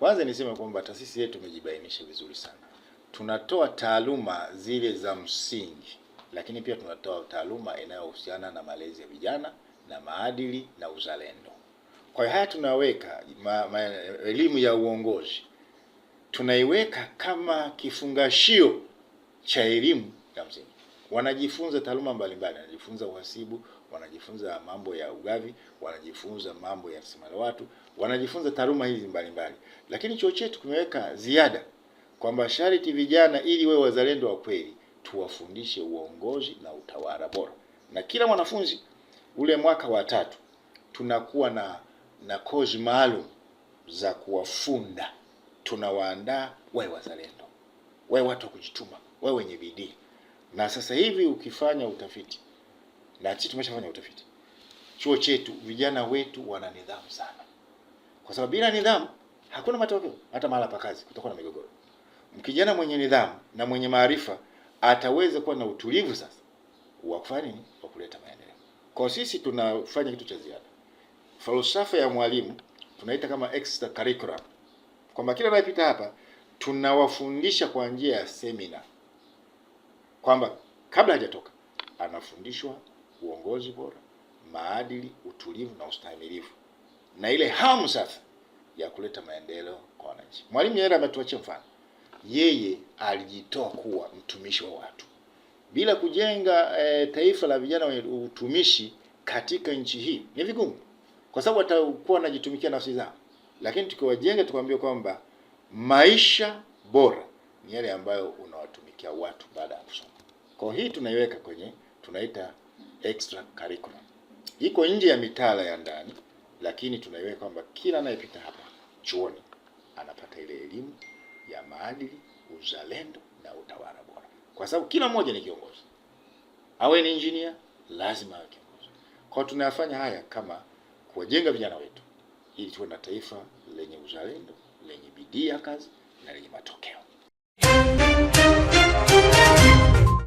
Kwanza niseme kwamba taasisi yetu imejibainisha vizuri sana. Tunatoa taaluma zile za msingi, lakini pia tunatoa taaluma inayohusiana na malezi ya vijana na maadili na uzalendo. Kwa hiyo haya tunaweka ma, ma, elimu ya uongozi tunaiweka kama kifungashio cha elimu ya msingi wanajifunza taaluma mbalimbali, wanajifunza uhasibu, wanajifunza mambo ya ugavi, wanajifunza mambo ya rasilimali watu, wanajifunza taaluma hizi mbalimbali. Lakini chuo chetu kimeweka ziada kwamba sharti vijana, ili wewe wazalendo wa kweli, tuwafundishe uongozi na utawala bora, na kila mwanafunzi ule mwaka wa tatu tunakuwa na na kozi maalum za kuwafunda, tunawaandaa wewe wazalendo, wewe watu wa kujituma, wewe wenye bidii na sasa hivi ukifanya utafiti na sisi tumeshafanya utafiti chuo chetu, vijana wetu wana nidhamu sana, kwa sababu bila nidhamu hakuna matokeo. Hata mahala pa kazi kutakuwa na migogoro. Mkijana mwenye nidhamu na mwenye maarifa ataweza kuwa na utulivu sasa wa kufanya nini, wa kuleta maendeleo. Kwa sisi tunafanya kitu cha ziada. Falsafa ya mwalimu tunaita kama extra curriculum, kwamba kila anayepita hapa tunawafundisha kwa njia ya semina kwamba kabla hajatoka anafundishwa uongozi bora, maadili, utulivu na ustahimilivu, na ile hamu sasa ya kuleta maendeleo kwa wananchi. Mwalimu Nyerere ametuachia mfano, yeye alijitoa kuwa mtumishi wa watu. Bila kujenga e, taifa la vijana wenye utumishi katika nchi hii ni vigumu, kwa sababu watakuwa wanajitumikia nafsi zao, lakini tukiwajenga, tukwambia kwamba maisha bora ni yale ambayo unawatumikia watu baada ya kusoma. Kwa hii tunaiweka kwenye tunaita extra curriculum, iko nje ya mitaala ya ndani, lakini tunaiweka kwamba kila anayepita hapa chuoni anapata ile elimu ya maadili, uzalendo na utawala bora, kwa sababu kila mmoja ni kiongozi. Awe ni engineer, lazima awe kiongozi. Kwa tunayafanya haya kama kuwajenga vijana wetu ili tuwe na taifa lenye uzalendo, lenye bidii ya kazi na lenye matokeo.